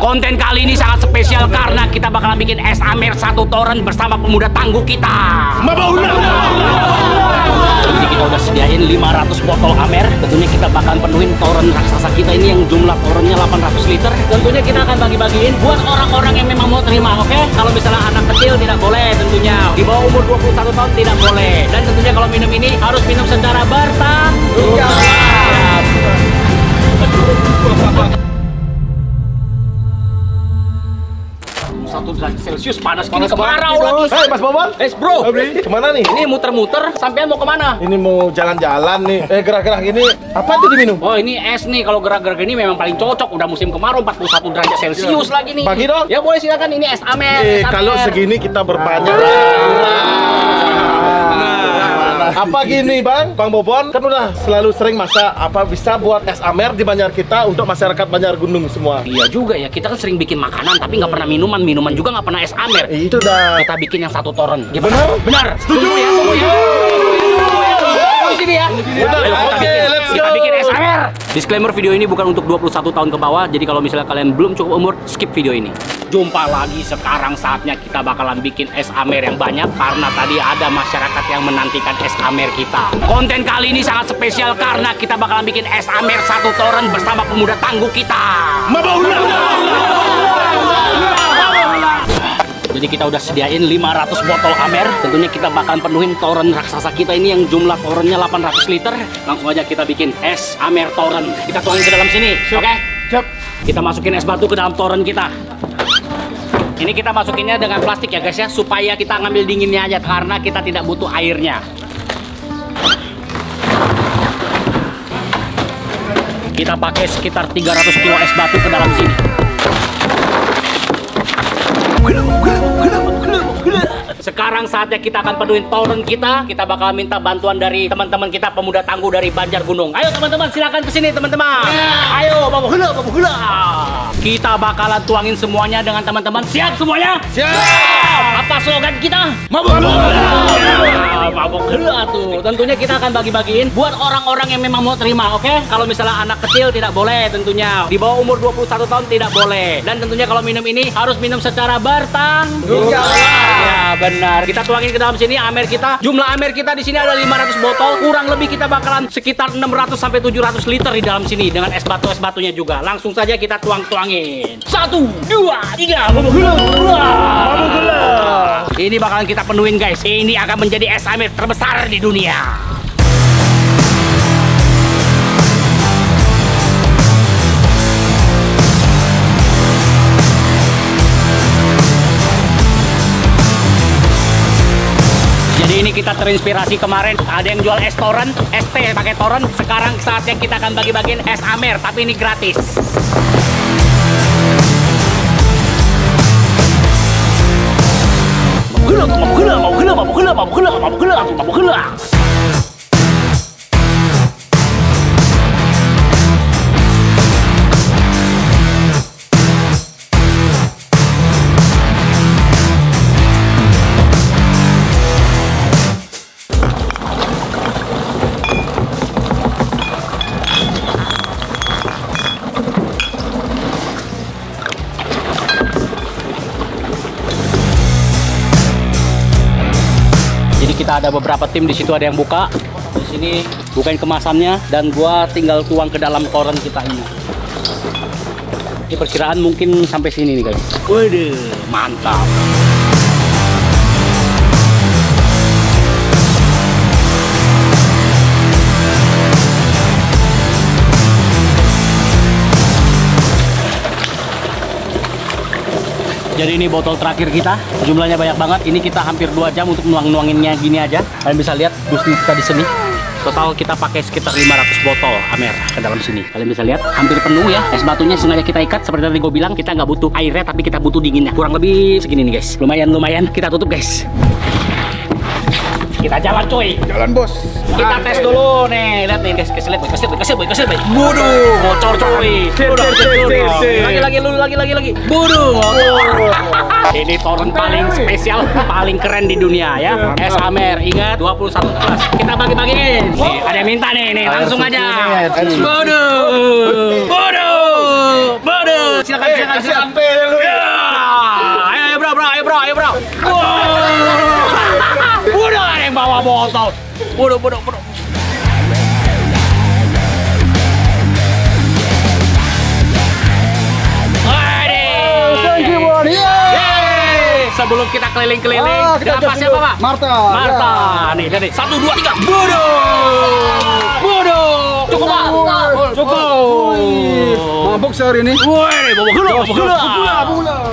Konten kali ini sangat spesial karena kita bakalan bikin es Amer satu toren bersama pemuda tangguh kita. Mabauna. Jadi kita udah sediain 500 botol Amer. Tentunya kita bakalan penuhin toren raksasa kita ini yang jumlah torennya 800 liter. Tentunya kita akan bagi-bagiin buat orang-orang yang memang mau terima, oke? Okay? Kalau misalnya anak kecil tidak boleh tentunya. Di bawah umur 21 tahun tidak boleh. Dan tentunya kalau minum ini harus minum secara bertanggung jawab. satu derajat Celcius panas gini kemarau lagi. Hei Mas Bobon. Eh bro. Kemana nih? Ini muter-muter sampean mau kemana? Ini mau jalan-jalan nih. Eh gerak-gerak gini apa tuh diminum? Oh ini es nih kalau gerak-gerak gini memang paling cocok udah musim kemarau 41 derajat Celcius iya. lagi nih. Pagi dong. Ya boleh silakan ini es amer Eh kalau segini kita berbanyak. Ah. Apa gini bang, bang Bobon kan udah selalu sering masa Apa bisa buat es amer di Banjar kita untuk masyarakat Banjar Gunung semua? Iya juga ya, kita kan sering bikin makanan tapi nggak pernah minuman, minuman juga nggak pernah es amer. Itu dah. Kita bikin yang satu toren. Gimana? Benar, benar. Setuju, ya, ya, setuju ya sini ya. Oke, let's go. Kita bikin SMR. Disclaimer video ini bukan untuk 21 tahun ke bawah. Jadi kalau misalnya kalian belum cukup umur, skip video ini. Jumpa lagi sekarang saatnya kita bakalan bikin es amer yang banyak karena tadi ada masyarakat yang menantikan es amer kita. Konten kali ini sangat spesial karena kita bakalan bikin es amer satu toren bersama pemuda tangguh kita. Mabau Jadi kita udah sediain 500 botol Amer. Tentunya kita bakal penuhin toren raksasa kita ini yang jumlah torennya 800 liter. Langsung aja kita bikin es Amer toren. Kita tuangin ke dalam sini, oke? Okay? Siap. Kita masukin es batu ke dalam toren kita. Ini kita masukinnya dengan plastik ya guys ya, supaya kita ngambil dinginnya aja karena kita tidak butuh airnya. Kita pakai sekitar 300 kilo es batu ke dalam sini. sekarang saatnya kita akan penuhin torrent kita. Kita bakal minta bantuan dari teman-teman kita pemuda tangguh dari Banjar Gunung. Ayo teman-teman silakan sini teman-teman. Yeah. Ayo bawa gula bawa gula. Kita bakalan tuangin semuanya dengan teman-teman. Siap semuanya? Siap. Apa slogan kita? Mabuk gula. Mabuk gula tuh. Tentunya kita akan bagi-bagiin buat orang-orang yang memang mau terima, oke? Okay? Kalau misalnya anak kecil tidak boleh tentunya. Di bawah umur 21 tahun tidak boleh. Dan tentunya kalau minum ini harus minum secara bertanggung jawab. Iya. Ya benar. Amer. Kita tuangin ke dalam sini Amer kita. Jumlah Amer kita di sini ada 500 botol. Kurang lebih kita bakalan sekitar 600 sampai 700 liter di dalam sini dengan es batu es batunya juga. Langsung saja kita tuang-tuangin. Satu, dua, tiga. Ini bakalan kita penuhin guys. Ini akan menjadi es Amer terbesar di dunia. kita terinspirasi kemarin ada yang jual es torrent, es teh pakai torrent. Sekarang saatnya kita akan bagi-bagiin es amer, tapi ini gratis. kena, mau kena, mau kena, mau kena. ada beberapa tim di situ ada yang buka di sini bukain kemasannya dan gua tinggal tuang ke dalam koran kita ini ini perkiraan mungkin sampai sini nih guys waduh mantap Jadi ini botol terakhir kita, jumlahnya banyak banget. Ini kita hampir dua jam untuk nuang-nuanginnya gini aja. Kalian bisa lihat bus kita di sini. Total kita pakai sekitar 500 botol Amer ke dalam sini. Kalian bisa lihat hampir penuh ya. Es batunya sengaja kita ikat seperti tadi gue bilang kita nggak butuh airnya tapi kita butuh dinginnya. Kurang lebih segini nih guys. Lumayan lumayan. Kita tutup guys. Kita jalan cuy. Jalan bos. Kita tes dulu nih. Lihat nih guys, kasih lihat, kasih lihat, kasih lihat, kasih lihat. Waduh, bocor cuy. Lagi lagi lu lagi lagi lagi. Waduh, Ini torrent paling spesial, paling keren di dunia ya. Iya. Es Amer, ingat 21 kelas. Kita bagi-bagiin. ada yang minta nih, nih langsung aja. Waduh. botol. Bodoh, bodoh, bodoh. Oh, iya. sebelum kita keliling-keliling. Ah, kita siapa Pak? Marta. Marta. Ya. Nih, jadi Satu, dua, tiga. Bodo. Bodo. Cukup, Pak. Cukup. Mabuk sehari ini. Woi, mabuk gula, mabuk Mabuk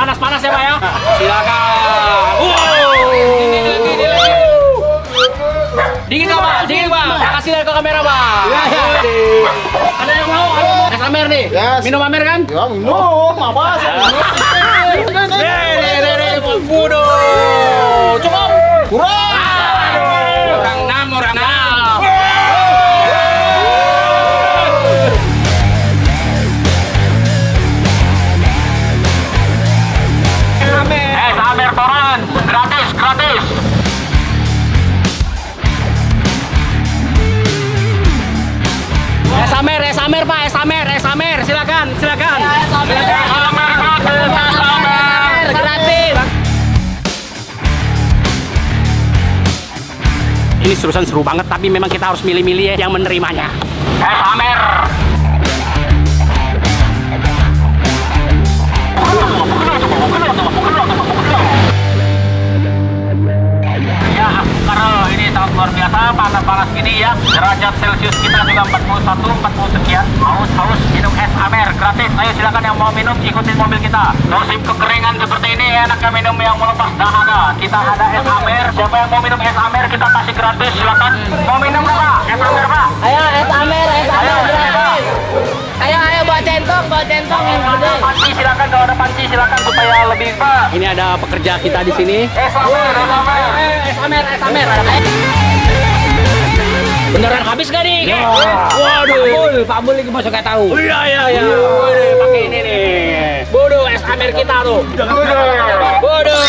panas-panas ya Pak ya. Silakan. Wow. Dingin nggak Pak? Dingin Pak. Kasih lihat ke kamera Pak. Ada yang mau? Ada yang mau? Es amer nih. Minum amer kan? Ya minum. apa sih? Nih, nih, nih, bodoh. Cukup. Kurang. Ini seru seru banget, tapi memang kita harus milih-milih ya yang menerimanya. Eh, pamer! sangat luar biasa panas-panas gini ya derajat celcius kita juga 41 40 sekian haus-haus minum es amer gratis ayo silakan yang mau minum ikutin mobil kita musim kekeringan seperti ini enaknya minum yang melepas dahaga kita ada es amer siapa yang mau minum es amer kita kasih gratis silakan mau minum apa es amer pak ayo es amer es amer ayo, ayo, ayo centong, bawa centong yang ada. Panci silakan kalau ada panci silakan supaya lebih pak. Ini ada pekerja kita di sini. Esamer, eh, Esamer, eh, Esamer, eh, Esamer, Beneran habis gak nih? Ya. Waduh. Pak Bul ini masuk kayak tahu. Iya, iya iya iya. Pakai ini nih. Bodoh esamer kita tuh. Bodoh. Bodoh.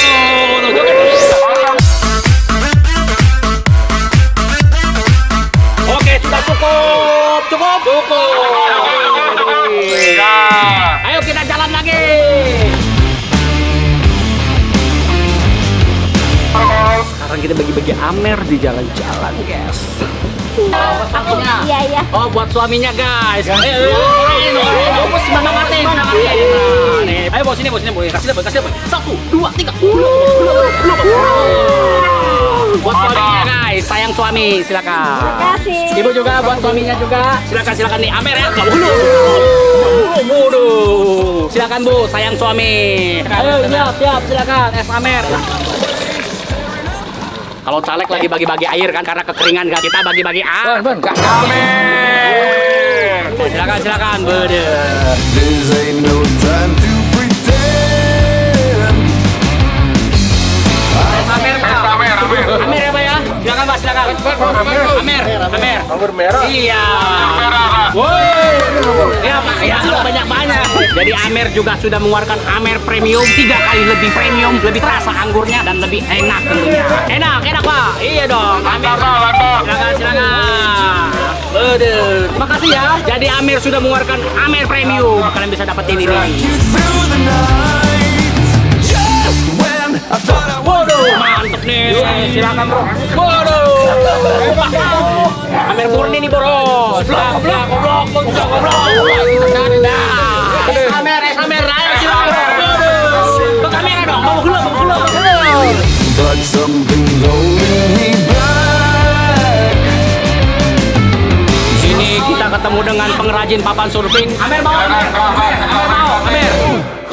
pamer di jalan-jalan guys aku iya iya oh buat suaminya guys kamu semangatin ayo bos ini bos ini. kasih dapat kasih dapat satu dua tiga buat suaminya guys sayang suami silakan terima kasih ibu juga buat suaminya juga silakan silakan nih Amer ya nggak dulu buru silakan bu sayang suami ayo siap siap silakan es Amer kalau caleg lagi bagi-bagi air kan karena kekeringan kan kita bagi-bagi air. Kamu, Amin. Silakan silakan. Bede. Anggur merah. Iya. Woi. Ya Pak, ya banyak-banyak. Jadi Amer juga sudah mengeluarkan Amer premium tiga kali lebih premium, lebih terasa anggurnya dan lebih enak tentunya. Enak, enak Pak. Iya dong. Amer. Silakan, silakan. Terima Makasih ya. Jadi Amer sudah mengeluarkan Amer premium. Kalian bisa dapetin ini. Waduh, mantep nih. Silakan, Bro. Waduh. Amer murni nih boros. blok blok blok blok blok. Tanda. Amer, Amer, eh, ayo dong, mau gelap, mau gelap, Sini kita ketemu dengan pengrajin papan surfing. Amer mau, Amer, Amer, Amer, Amer.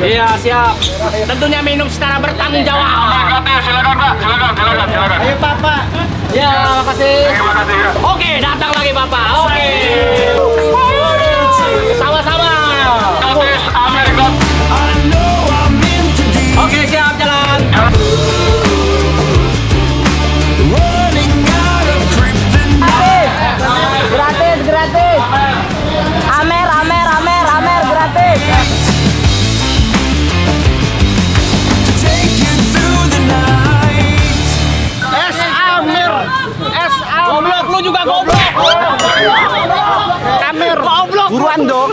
Iya, siap. Tentunya minum secara bertanggung jawab. Silakan, Pak. Silakan, silakan, silakan. Ayo, papa. Ya, makasih. Terima kasih. Oke, datang lagi, papa. Oke. Sama-sama. Oke, siap. Jalan.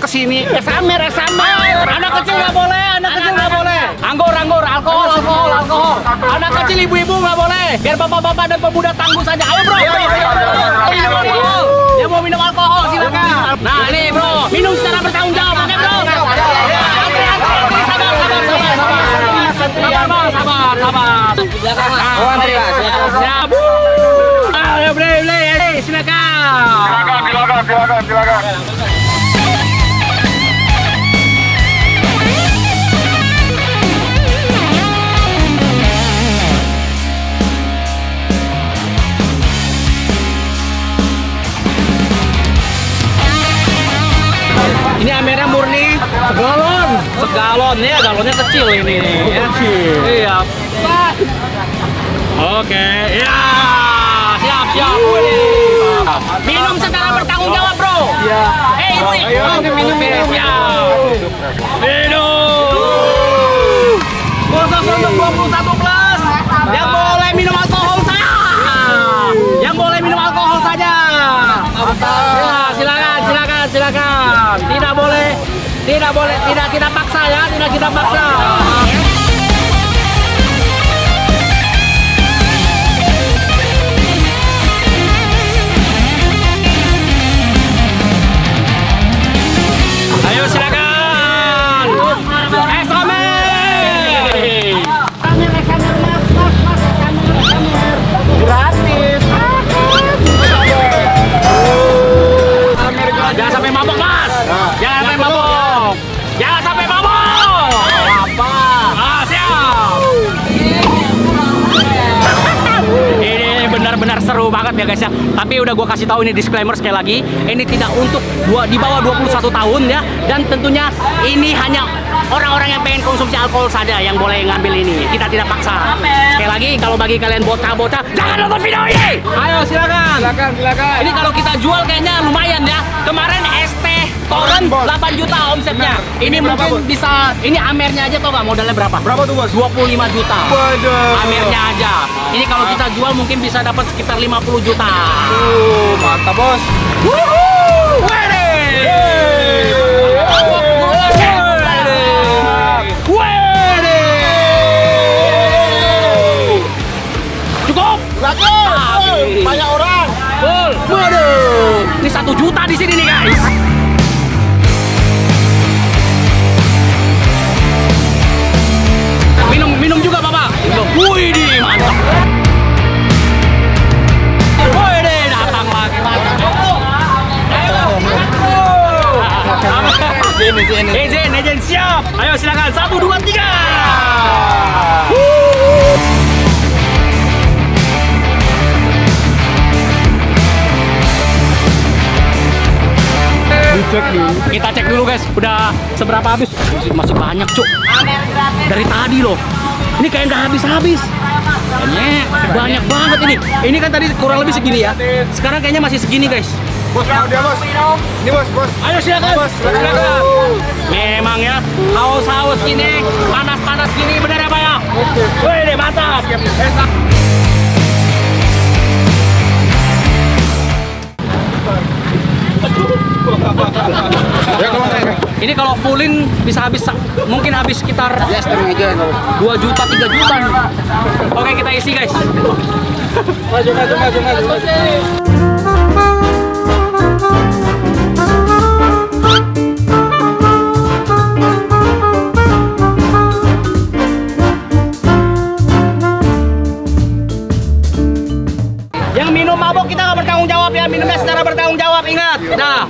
sini Es amer, es amer. Anak kecil nggak boleh, anak kecil nggak boleh. Anggur, anggur, alkohol, alkohol, alkohol. Anak kecil ibu-ibu nggak boleh. Biar bapak-bapak dan pemuda tangguh saja. Ayo bro. Ayo, ayo, ayo, Dia mau minum alkohol, silakan. Nah ini bro, minum secara bertanggung jawab, oke bro. Sabar, sabar, sabar, sabar. sabar sabar sabar sabar sabar sabar sabar sabar sabar sabar sabar sabar sabar Ini amernya murni segalon. Segalon ya, galonnya kecil ini. Oh, ya. Kecil. Iya. Oke, okay. ya. Siap, siap. Uh. Minum secara bertanggung jawab, Bro. Iya. Eh, itu ini. Ayo, minum, minum, minum. Ya. Minum. Khusus untuk 21 plus. Yang boleh minum alkohol saya Yang boleh minum tidak boleh tidak kita paksa ya tidak kita paksa ayo silakan udah gue kasih tahu ini disclaimer sekali lagi ini tidak untuk dua, di bawah 21 tahun ya dan tentunya ini hanya orang-orang yang pengen konsumsi alkohol saja yang boleh ngambil ini kita tidak paksa sekali lagi kalau bagi kalian bocah-bocah jangan nonton video ini ayo silakan silakan silakan ini kalau kita jual kayaknya lumayan ya kemarin ST Koran 8 juta omsetnya. Bener. Nah, ini, ini berapa, mungkin bos? bisa ini Amernya aja tau nggak modalnya berapa? Berapa tuh, Bos? 25 juta. Waduh. Amernya aja. Ini kalau kita jual mungkin bisa dapat sekitar 50 juta. Uh, mantap, Bos. Wuhuu! Banyak orang. Full. Waduh. Ini satu juta di sini nih guys. Izin, siap. Ayo silakan. Satu, dua, tiga. Cek dulu. Kita cek dulu guys, udah seberapa habis? Masih, masih banyak cuk. Dari tadi loh. Ini kayak nggak habis-habis. Banyak, banyak banget ini. Ini kan tadi kurang lebih segini ya. Sekarang kayaknya masih segini guys. Bos, mau dia bos. Ini bos, bos. Ayo silakan. Bos, silakan. Memang ya, haus-haus gini, panas-panas gini, benar apa ya? woi deh, mantap. Ya, ini kalau fullin bisa habis mungkin habis sekitar ya setengah aja 2 juta 3 juta nih. oke kita isi guys maju maju maju maju, maju. minumnya secara bertanggung jawab jawab ingat. Nah,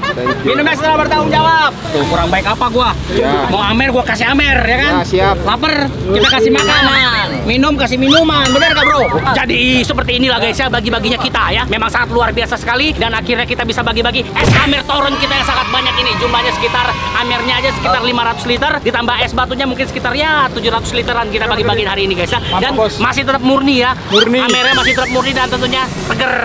minumnya setelah bertanggung jawab. Tuh kurang baik apa gua? Ya. Mau amer gua kasih amer ya kan? Ya, siap. Laper, kita kasih makanan. Minum kasih minuman. bener gak, Bro? Jadi seperti inilah guys ya bagi-baginya kita ya. Memang sangat luar biasa sekali dan akhirnya kita bisa bagi-bagi es amer toron kita yang sangat banyak ini. Jumlahnya sekitar amernya aja sekitar 500 liter ditambah es batunya mungkin sekitar ya 700 literan kita bagi bagi hari ini guys ya. Dan masih tetap murni ya. Murni. Amernya masih tetap murni dan tentunya Seger,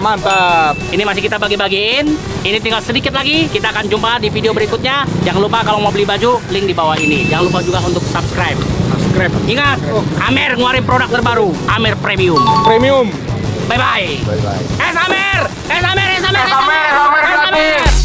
mantap. Ini masih kita bagi-bagi lain. Ini tinggal sedikit lagi. Kita akan jumpa di video berikutnya. Jangan lupa kalau mau beli baju, link di bawah ini. Jangan lupa juga untuk subscribe. Subscribe. Ingat, Amer ngeluarin produk terbaru. Amer Premium. Premium. Bye-bye. Bye-bye. Es Amer! Es Amer! Es Amer! Es Amer! Es Amer! Es Amer! Es Amer!